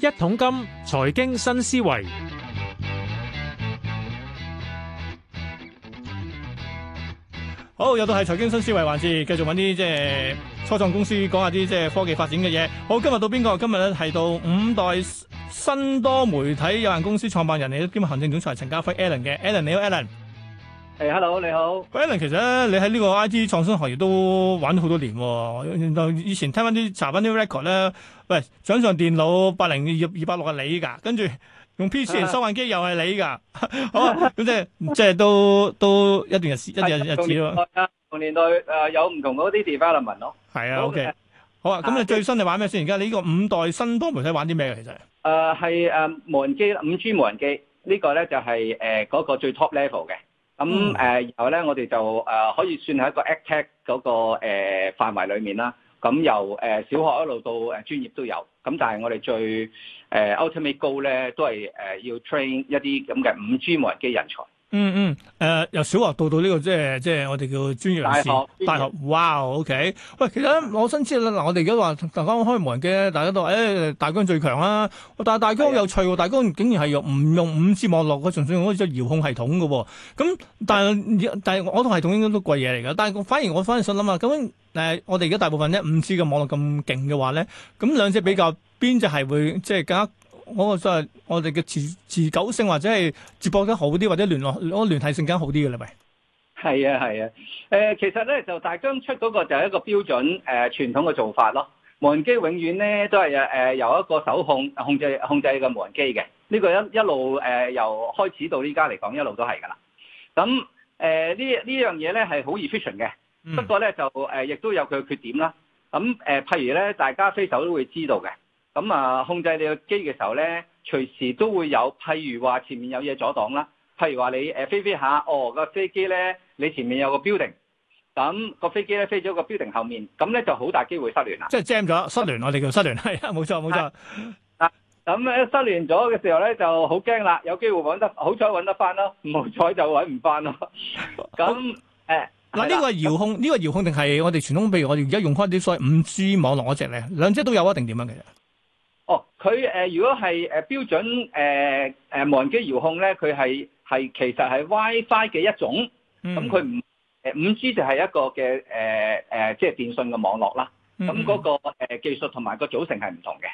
一桶金財經新思維，好，又到係財經新思維還是，繼續揾啲即係初創公司，講下啲即係科技發展嘅嘢。好，今日到邊個？今日咧係到五代新多媒體有限公司創辦人，亦都兼行政總裁陳家輝 Alan 嘅，Alan 你好，Alan。誒、hey,，hello，你好。Alan 其實咧，你喺呢個 I.T. 創新行業都玩咗好多年。以前聽翻啲查翻啲 record 咧，喂，掌上電腦八零二八六係你噶，跟住用 P.C. 收銀機又係你噶。好啊，咁即係即係都都一段日一段日子咯。同年代唔同年代誒、呃，有唔同嗰啲 development 咯。係啊，OK，好啊。咁、okay 啊、你最新玩、啊、你玩咩先？而家你呢個五代新多媒體玩啲咩？其實誒、啊，係誒無人機五 G 無人機呢、這個咧就係誒嗰個最 top level 嘅。咁、嗯、誒，然後咧，我哋就誒、呃、可以算係一個 act-tech 嗰、那個誒、呃、範圍裡面啦。咁、呃、由誒小學一路到誒專業都有。咁但係我哋最誒、呃、ultimate goal 咧，都係誒、呃、要 train 一啲咁嘅五 G 無人機人才。嗯嗯，誒、嗯，由、呃、小學到到、這、呢個即係即係我哋叫專業人士，大學，大學哇，OK。喂，其實我深知啦，嗱，我哋而家話大家開無人機，大家都話誒、哎、大疆最強啦、啊。但係大疆好有趣喎，大疆竟然係用唔用五 G 網絡，佢純粹用咗個遙控系統嘅喎、哦。咁但係、嗯、但係我套系統應該都貴嘢嚟㗎。但係反而我反而想諗啊，究竟誒、呃，我哋而家大部分咧五 G 嘅網絡咁勁嘅話咧，咁兩隻比較邊隻係會即係更加？我就係我哋嘅持久性或者係接駁得好啲或者聯絡嗰個聯繫性更加好啲嘅啦，咪？係啊，係啊。誒、呃，其實咧就大疆出嗰個就係一個標準誒傳、呃、統嘅做法咯。無人機永遠咧都係誒、呃、由一個手控控制控制嗰無人機嘅。呢、這個一一路誒、呃、由開始到依家嚟講一路都係噶啦。咁誒、呃嗯、呢呢樣嘢咧係好 efficient 嘅，不過咧就誒亦、呃、都有佢嘅缺點啦。咁誒、呃、譬如咧，大家飛手都會知道嘅。咁啊，控制你個機嘅時候咧，隨時都會有，譬如話前面有嘢阻擋啦，譬如話你誒、呃、飛飛下，哦個飛機咧，你前面有個 building，咁個飛機咧飛咗個 building 後面，咁咧就好大機會失聯、嗯 嗯、啦。即係 jam 咗，失聯我哋叫失聯，係冇錯冇錯。啊，咁咧失聯咗嘅時候咧就好驚啦，有機會揾得好彩揾得翻咯，唔好彩就揾唔翻咯。咁誒，嗱呢個遙控呢、這個遙控定係我哋傳統，譬如我哋而家用開啲所謂五 G 網絡嗰隻咧，兩隻都有一定點樣嘅？.哦，佢誒，如果係誒標準誒誒、呃、無人機遙控咧，佢係係其實係 WiFi 嘅一種，咁佢唔五 G 就係一個嘅誒即係電信嘅網絡啦。咁、嗯、嗰、嗰個、呃、技術同埋個組成係唔同嘅。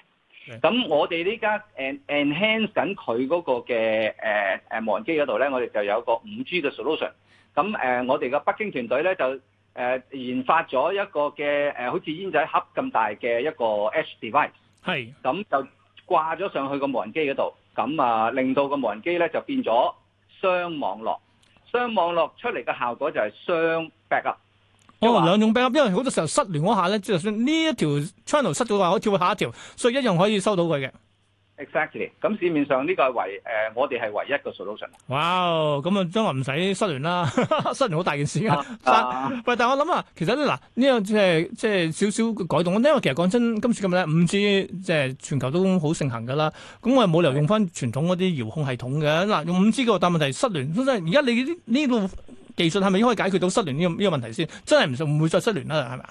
咁我哋呢家 enhance 緊佢嗰個嘅誒誒無人機嗰度咧，我哋就有個五 G 嘅 solution。咁誒、呃，我哋嘅北京團隊咧就誒、呃、研發咗一個嘅、呃、好似煙仔盒咁大嘅一個 Edge device。係，咁就掛咗上去個無人機嗰度，咁啊令到個無人機咧就變咗雙網絡，雙網絡出嚟嘅效果就係雙 backup、哦。我話兩種 backup，因為好多時候失聯嗰下咧，就算、是、呢一條 channel 失咗話，可以跳去下一條，所以一樣可以收到佢嘅。Exactly，咁市面上呢個係唯誒，我哋係唯一嘅 solution。哇！咁啊，真係唔使失聯啦， 失聯好大件事啊、ah, ah. 但我諗啊，其實嗱，呢樣即係即係少少改動。因為其實講真，今時今日咧，5G 即係全球都好盛行㗎啦。咁我係冇理由用翻傳統嗰啲遙控系統嘅嗱，用 5G 嘅，但問題失聯真係，而家你呢個技術係咪可以解決到失聯呢個呢個問題先？真係唔會再失聯啦，係咪？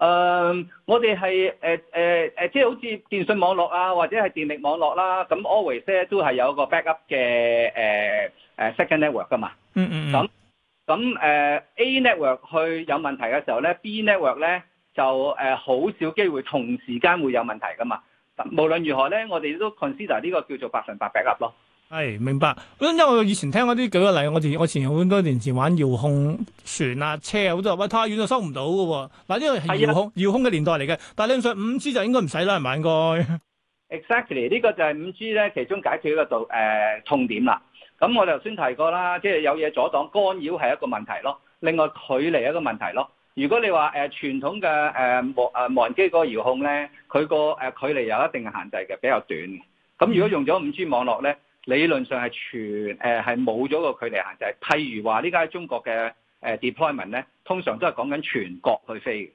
誒、um，我哋係誒誒誒，即係好似電信網絡啊，或者係電力網絡啦，咁 always 咧都係有個 backup 嘅、呃、second network 噶嘛。嗯嗯咁咁誒 A network 去有問題嘅時候咧，B network 咧就呃、好少機會同時間會有問題噶嘛。無論如何咧，我哋都 consider 呢個叫做百分百 backup 咯。係明白，因為我以前聽嗰啲舉個例，我前我前好多年前玩遙控船啊車都啊，好多喂太遠就收唔到嘅，嗱，呢個係遙控遙控嘅年代嚟嘅，但係你諗下五 G 就應該唔使啦，唔該。Exactly 呢個就係五 G 咧，其中解決一個度誒痛點啦。咁我哋頭先提過啦，即係有嘢阻擋干擾係一個問題咯，另外距離一個問題咯。如果你話誒傳統嘅誒誒無人機個遙控咧，佢個誒距離有一定的限制嘅，比較短。咁如果用咗五 G 網絡咧？理論上係全誒係冇咗個距離限制，就係、譬如話呢家喺中國嘅誒 deployment 咧，通常都係講緊全國去飛嘅。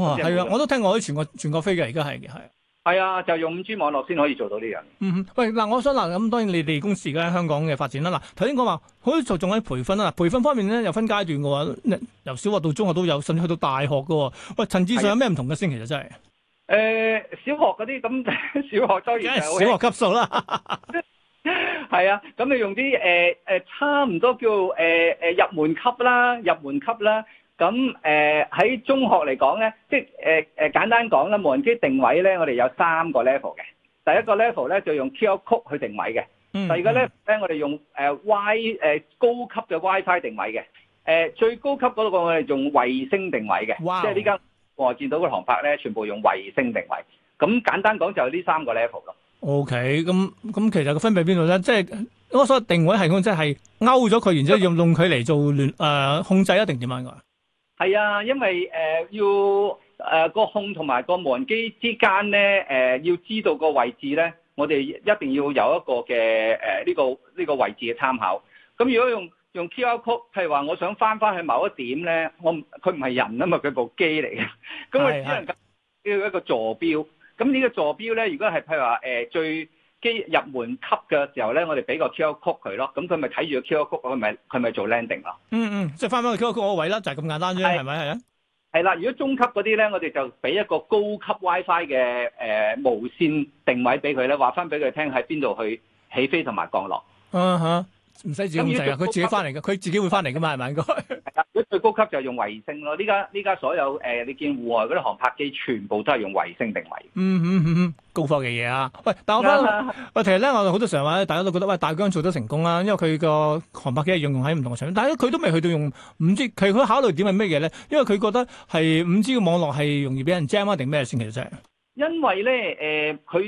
哇、哦，係啊、哦，我都聽過喺全國全國飛嘅，而家係嘅，係啊，就用 5G 網絡先可以做到呢樣。嗯哼，喂，嗱，我想嗱，咁當然你哋公司而家喺香港嘅發展啦。嗱，頭先講話佢仲仲喺培訓啊。培訓方面咧又分階段嘅喎，由小學到中學都有，甚至去到大學嘅喎。喂，層次上有咩唔同嘅先？其實真係誒、呃，小學嗰啲咁，小學業就係當然小學級數啦。 係啊，咁你用啲誒誒差唔多叫誒誒、呃、入門級啦，入門級啦。咁誒喺中學嚟講咧，即係誒誒簡單講啦，無人機定位咧，我哋有三個 level 嘅。第一個 level 咧就用 QR Code 去定位嘅。第二個 level 咧，我哋用誒 w 誒高級嘅 WiFi 定位嘅。誒、呃、最高級嗰個我哋用衛星定位嘅。哇、wow.！即係呢間我見到嘅航拍咧，全部用衛星定位。咁簡單講就係呢三個 level 咯。O K，咁咁其實個分別邊度咧？即係我所謂定位系統，即係勾咗佢，然之後用用佢嚟做聯誒控制，一定點樣㗎？個係啊，因為誒要誒個控同埋個無人機之間咧誒要知道個位置咧，我哋一定要有一個嘅誒呢個呢個位置嘅參考。咁如果用用 Q R code，譬如話我想翻翻去某一點咧，我佢唔係人啊嘛，佢部機嚟嘅，咁佢只能夠要一個坐標。咁、這個、呢個座標咧，如果係譬如話誒最基入門級嘅時候咧，我哋俾個 QR code 佢咯，咁佢咪睇住個 QR code，佢咪佢咪做 landing 咯。嗯嗯，即係翻返去 QR code 個錘錘位啦，就係、是、咁簡單啫，係咪係啊？係啦，如果中級嗰啲咧，我哋就俾一個高級 WiFi 嘅誒、呃、無線定位俾佢咧，話翻俾佢聽喺邊度去起飛同埋降落。嗯、啊，哼唔使自己咁滯，佢自己翻嚟嘅，佢自己會翻嚟嘅嘛，應、嗯、該。 一最高級就係用衛星咯，呢家呢家所有、呃、你見戶外嗰啲航拍機全部都係用衛星定位。嗯嗯嗯嗯，高科技嘢啊！喂，但我翻，喂， 其實咧，我好多時候咧，大家都覺得喂，大疆做得成功啦、啊，因為佢個航拍機係用喺唔同嘅場面，但係佢都未去到用五 G，佢佢考慮點係咩嘢咧？因為佢覺得係五 G 嘅網絡係容易俾人 jam 啊，定咩先其實？因為咧，誒、呃、佢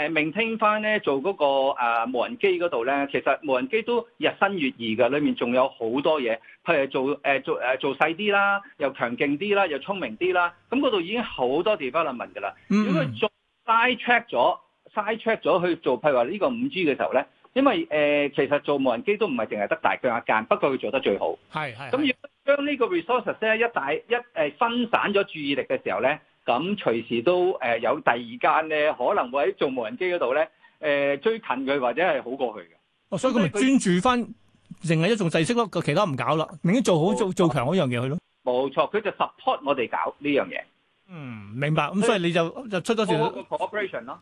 要誒 maintain 翻咧，做嗰個啊無人機嗰度咧，其實無人機都日新月異㗎，裏面仲有好多嘢，譬如做、呃、做、呃、做細啲啦，又強勁啲啦，又聰明啲啦，咁嗰度已經好多 development 㗎啦。如果做 side track 咗、side track 咗去做譬如話呢個五 G 嘅時候咧，因為誒、呃、其實做無人機都唔係淨係得大疆一間，不過佢做得最好。係係。咁要將呢個 resources 咧，一大一、呃、分散咗注意力嘅時候咧。咁隨時都誒有第二間咧，可能會喺做無人機嗰度咧，誒追近佢或者係好過去嘅。哦，所以佢咪專注翻淨係一種制式咯，其他唔搞啦，寧願做好做做強嗰樣嘢去咯。冇錯，佢就 support 我哋搞呢樣嘢。明白咁，所以你就就出多條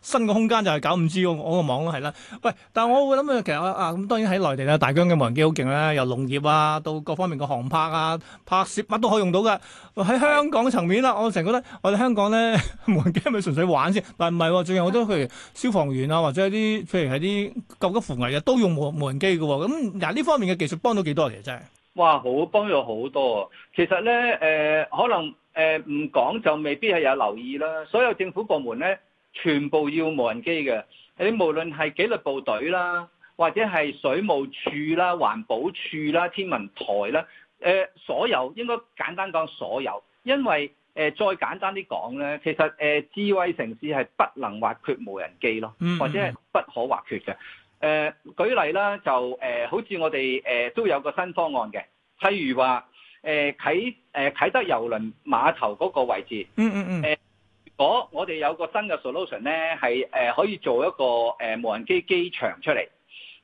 新個空間就係搞唔知我個網咯。係啦。喂，但係我會諗嘅其實啊，咁當然喺內地咧，大疆嘅無人機好勁啦，由農業啊到各方面嘅航拍啊、拍攝乜、啊、都可以用到嘅。喺香港層面啦，我成日覺得我哋香港咧無人機係咪純粹玩先，但係唔係喎？最近好多譬如消防員啊，或者啲譬如係啲救急扶危嘅都用無無人機嘅喎。咁嗱呢方面嘅技術幫到幾多真係？哇！好幫咗好多。啊。其實咧誒、呃，可能。誒、呃，唔講就未必係有留意啦。所有政府部門咧，全部要無人機嘅。你無論係紀律部隊啦，或者係水務處啦、環保處啦、天文台啦，誒、呃，所有應該簡單講所有，因為誒、呃、再簡單啲講咧，其實誒、呃、智慧城市係不能或缺無人機咯，或者係不可或缺嘅。誒、呃，舉例啦，就誒、呃，好似我哋誒、呃、都有個新方案嘅，譬如話。誒、呃、啟誒、呃、啟德郵輪碼頭嗰個位置，嗯嗯嗯，誒，如果我哋有個新嘅 solution 咧，係誒、呃、可以做一個誒、呃、無人機機場出嚟，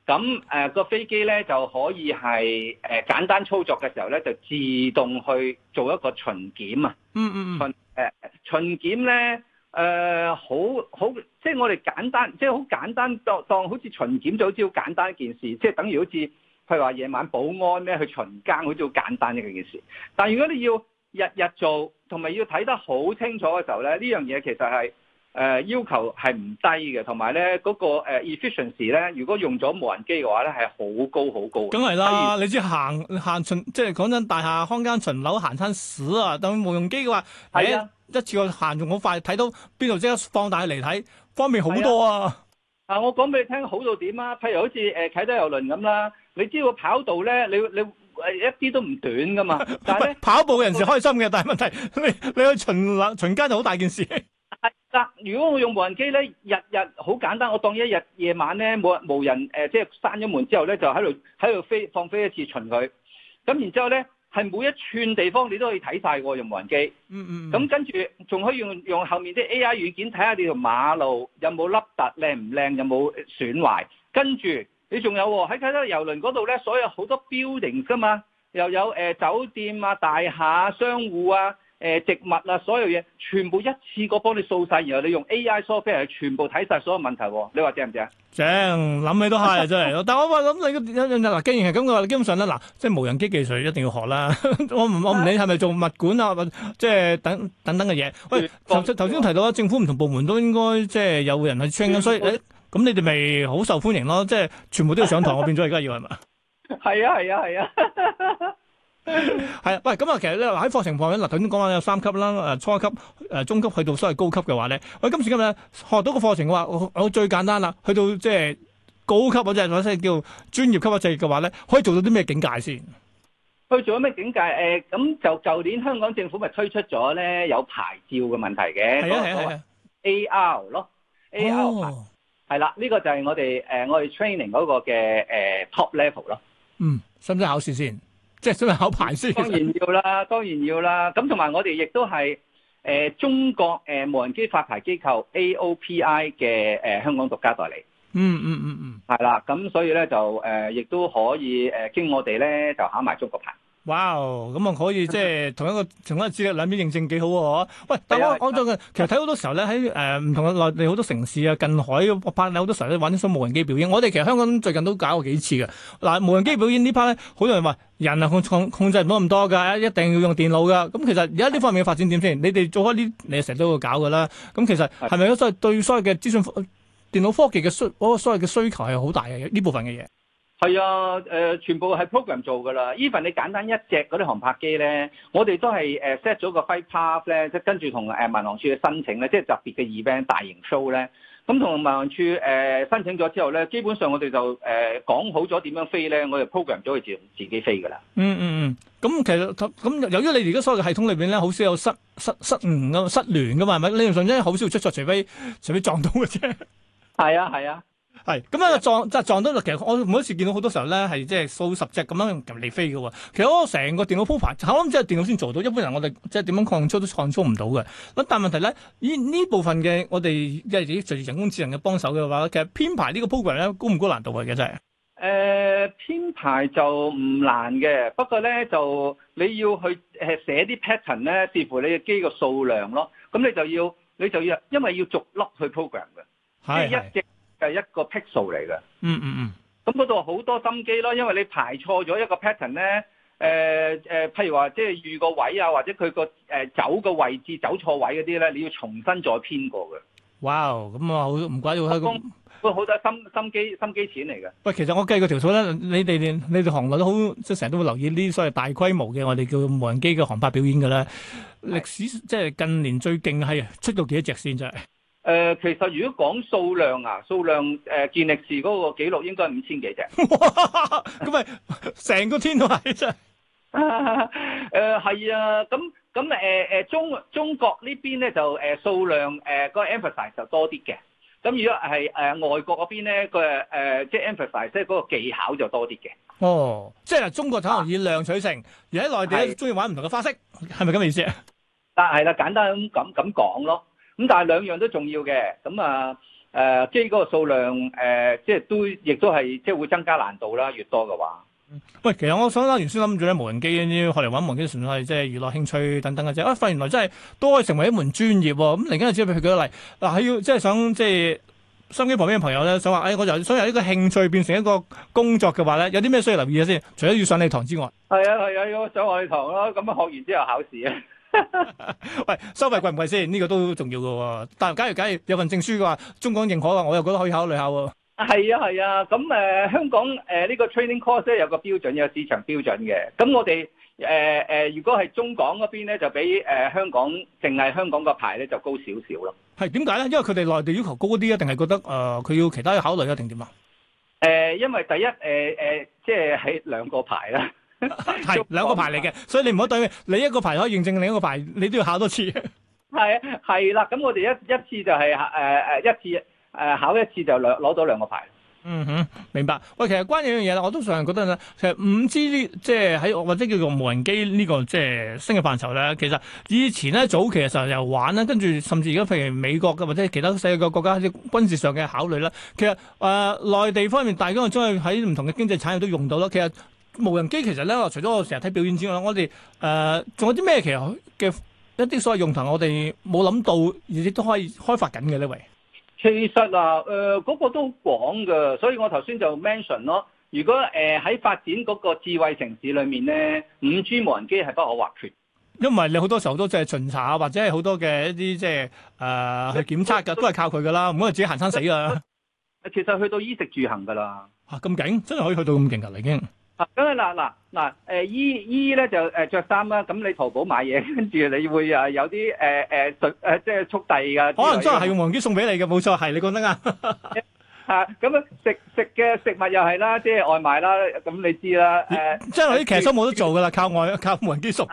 咁誒個飛機咧就可以係誒、呃、簡單操作嘅時候咧，就自動去做一個巡檢啊，嗯、mm、嗯 -hmm. 巡、呃、巡檢咧誒好好，即係我哋簡單，即係好簡單，當當好似巡檢就好似好簡單一件事，即係等於好似。佢話夜晚保安咧去巡更好似好簡單嘅一件事。但係如果你要日日做，同埋要睇得好清楚嘅時候咧，呢樣嘢其實係、呃、要求係唔低嘅，同埋咧嗰個 efficiency 咧，如果用咗無人機嘅話咧，係好高好高的。梗係啦，你知行行巡，即係講真，大廈康間巡樓行餐屎啊，等無人機嘅話，係啊，一次過行仲好快，睇到邊度即刻放大嚟睇，方便好多啊！啊！我講俾你聽，好到點啊？譬如好似誒啟德遊輪咁啦，你知道跑道咧，你你誒一啲都唔短噶嘛。但係咧，跑步人士開心嘅，但係問題你你去巡巡街就好大件事。係啦，如果我用無人機咧，日日好簡單，我當一日夜晚咧冇冇人誒，即係閂咗門之後咧，就喺度喺度飛放飛一次巡佢。咁然之後咧。係每一寸地方你都可以睇晒喎，用無人機。嗯嗯，咁跟住仲可以用用後面啲 AI 軟件睇下你條馬路有冇凹凸，靚唔靚，有冇損壞，跟住你仲有喎，喺其他遊輪嗰度咧，所有好多 building 噶嘛，又有、呃、酒店啊、大廈、啊、商戶啊。誒、呃、植物啊，所有嘢全部一次過幫你掃晒，然後你用 A I software 去全部睇晒所有問題喎，你話正唔正？正，諗起都係 真係。但我話諗你嗱， 既然係咁，我話基本上啦，嗱，即係無人機技術一定要學啦。 我唔我唔理係咪做物管啊，即 係等等等嘅嘢。喂，頭 先提到啦，政府唔同部門都應該即係有人去 train， 所以你咁你哋咪好受歡迎咯。即係全部都要上堂。 我變咗而家要係嘛？係啊係啊係啊！ 係啊，喂，咁啊，其實咧喺課程方面，嗱頭先講翻有三級啦，誒初級誒中級去到所謂高級嘅話咧，喂，今次今日學到個課程嘅話，我最簡單啦，去到即係高級或者或者叫專業級嘅職業嘅話咧，可以做到啲咩境界先？去做咗咩境界？誒、呃，咁就舊年香港政府咪推出咗咧有牌照嘅問題嘅，係啊係、那個、啊，啊，A R 咯，A R 係啦，呢、oh. 啊啊這個就係我哋誒、呃、我哋 training 嗰個嘅誒、呃、top level 咯，嗯，使唔使考試先？即係想考牌先，當然要啦，當然要啦。咁同埋我哋亦都係中國誒無人機發牌機構 AOPI 嘅香港獨家代理。嗯嗯嗯嗯，係、嗯、啦。咁所以咧就、呃、亦都可以經我哋咧就考埋中國牌。哇！咁啊可以、嗯、即係同一個同一個資料兩邊認證幾好喎。喂，但我我最近其實睇好多時候咧，喺誒唔同嘅內地好多城市啊，近海我拍咧好多時候都玩啲新無人機表演。我哋其實香港最近都搞過幾次㗎。嗱，無人機表演呢 part 咧，好多人話人啊控控制唔到咁多噶，一定要用電腦噶。咁其實而家呢方面嘅發展點先？你哋做開呢，你成日都會搞噶啦。咁其實係咪？所以對所有嘅資訊電腦科技嘅需求，個所謂嘅需求係好大嘅呢部分嘅嘢。係啊，誒、呃，全部係 program 做㗎啦。Even 你簡單一隻嗰啲航拍機咧，我哋都係 set 咗個 flight path 咧，即跟住同誒民航處嘅申請咧，即特別嘅 event、大型 show 咧，咁同民航處、呃、申請咗之後咧，基本上我哋就誒、呃、講好咗點樣飛咧，我哋 program 咗佢自自己飛㗎啦。嗯嗯嗯，咁、嗯嗯嗯、其實咁由於你而家所有嘅系統裏面咧，好少有失失失誤失聯㗎嘛，係咪？呢條信息好少出錯，除非除非撞到嘅啫。係啊，係啊。係咁啊！樣撞即係撞到，其實我每一次見到好多時候咧，係即係數十隻咁樣入嚟飛嘅喎。其實我成個電腦 p 排，o g 即係電腦先做到，一般人我哋即係點樣擴充都擴充唔到嘅。咁但係問題咧，呢呢部分嘅我哋即係己隨住人工智能嘅幫手嘅話，其實編排呢個 program 咧高唔高難度嘅啫？誒、呃、編排就唔難嘅，不過咧就你要去寫啲 pattern 咧，視乎你嘅機嘅數量咯。咁你就要你就要，因為要逐粒去 program 嘅，一係一個 pixel 嚟嘅，嗯嗯嗯，咁嗰度好多心機咯，因為你排錯咗一個 pattern 咧、呃，誒、呃、誒，譬如話即係預個位啊，或者佢個誒走個位置走錯位嗰啲咧，你要重新再編過嘅。哇，咁啊好唔怪得開工，喂，好多心心機心機錢嚟嘅。喂，其實我計過條數咧，你哋你哋行內都好，即係成日都會留意呢啲所謂大規模嘅我哋叫無人機嘅航拍表演㗎啦。歷史即係近年最勁係出到幾多隻先啫？誒、呃，其實如果講數量啊，數量誒，健力士嗰個記錄應該係五千幾隻。哇！咁咪成個天都係啫。誒，係啊。咁咁誒誒，中中國這邊呢邊咧就誒數、呃、量誒、呃那個 emphasize 就多啲嘅。咁如果係誒、呃、外國嗰邊咧，佢、那、誒、個、即係、呃就是、emphasize 即係嗰個技巧就多啲嘅。哦，即係中國體育以量取勝、啊，而喺內地鍾中意玩唔同嘅花式，係咪咁嘅意思啊？但係啦，簡單咁咁咁講咯。咁但係兩樣都重要嘅，咁啊，誒、呃呃，即係嗰個數量，誒，即係都，亦都係，即係會增加難度啦。越多嘅話，唔，喂，其實我想啦，原先諗住咧，無人機呢學嚟玩無人機純粹係即係娛樂興趣等等嘅、啊、啫。啊，發現原來真係都可以成為一門專業、啊。咁嚟緊又知，譬如舉個例，嗱、啊，係要即係想，即係身邊旁邊嘅朋友咧，想話，哎，我就想由一個興趣變成一個工作嘅話咧，有啲咩需要留意嘅先，除咗要上你堂之外，係啊係啊，要、啊、上我哋堂咯，咁啊學完之後考試啊。 喂，收費貴唔貴先？呢、呢個都重要噶。但係假如假如有份證書嘅話，中港認可嘅，我又覺得可以考慮下喎。係啊係啊，咁誒、啊呃、香港誒呢、呃呢個 training course 咧有個標準，有市場標準嘅。咁我哋誒誒，如果係中港嗰邊咧，就比誒、呃、香港淨係香港個牌咧就高少少咯。係點解咧？因為佢哋內地要求高啲啊，定係覺得誒佢、呃、要其他嘅考慮一定點啊？誒、呃，因為第一誒誒、呃呃，即係喺兩個牌啦。係 兩個牌嚟嘅，所以你唔好對，你一個牌可以認證另一個牌，你都要考多次。係 啊，係啦，咁我哋一一次就係誒誒一次誒、呃、考一次就兩攞咗兩個牌。嗯哼，明白。喂，其實關於呢樣嘢我都常覺得呢，其實 5G 呢，即係喺或者叫做無人機、這個、呢個即係新嘅範疇咧。其實以前咧早期嘅時候就玩啦，跟住甚至而家譬如美國嘅或者其他世界嘅國家即軍事上嘅考慮啦。其實誒內、呃、地方面，大家仲係喺唔同嘅經濟產業都用到咯。其實。無人機其實咧，除咗我成日睇表演之外，我哋誒仲有啲咩其實嘅一啲所謂用途，我哋冇諗到，而亦都可以開發緊嘅呢位。其實啊，誒、呃、嗰、那個都好廣噶，所以我頭先就 mention 咯。如果誒喺、呃、發展嗰個智慧城市裏面咧，五 G 無人機係不可或缺。因為你好多時候都即係巡查啊，或者係好多嘅一啲即係誒去檢測噶，都係靠佢噶啦，唔好自己行山死啊！其實去到衣食住行噶啦，吓咁勁，真係可以去到咁勁噶啦已經。咁啊嗱嗱嗱，誒、啊、咧、啊啊、就誒著衫啦，咁你淘寶買嘢，跟住你會有啲、啊啊啊、即係速遞噶，可能真係用無人機送俾你嘅，冇錯係你講得啱吓， 啊食食嘅食物又係啦，即係外賣啦，咁你知啦、啊、即係啲騎師都冇得做噶啦，靠外靠無人機送，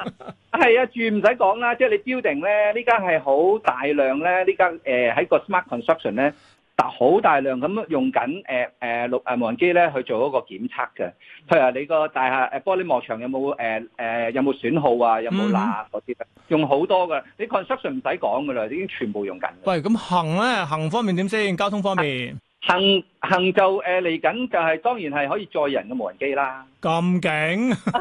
係啊，啊住唔使講啦，即、就、係、是、你 building 咧，呢間係好大量咧，呢間喺個 smart consumption 咧。但好大量咁用緊誒誒六誒無人機咧去做一個檢測嘅，譬如話你個大廈誒玻璃幕牆有冇誒誒有冇損耗啊，有冇罅嗰啲咧？用好多㗎，你 construction 唔使講㗎啦，已經全部用緊。喂，咁行咧，行方面點先？交通方面，行行就誒嚟緊就係當然係可以載人嘅無人機啦。咁勁，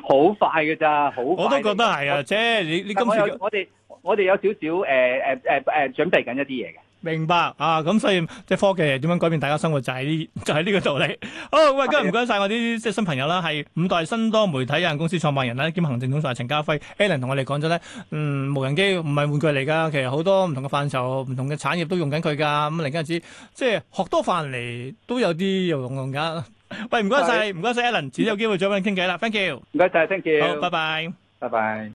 好快㗎咋？好我都覺得係啊，即係你你今次我我哋。我哋有少少誒誒誒誒準備緊一啲嘢嘅，明白啊！咁所以即係科技點樣改變大家生活就係就係呢呢個道理。好、 哦，喂，今日唔該晒我啲即係新朋友啦，係五代新多媒體有限公司創辦人啦兼行政總裁陳家輝 Alan 同我哋講咗咧，嗯，無人機唔係玩具嚟㗎，其實好多唔同嘅範疇、唔同嘅產業都用緊佢㗎。咁嚟緊日子即係學多範嚟都有啲用用㗎。喂，唔該晒，唔該晒 Alan 自己有機會再揾傾偈啦。Thank you，唔該晒。Thank you，好，拜拜，拜拜。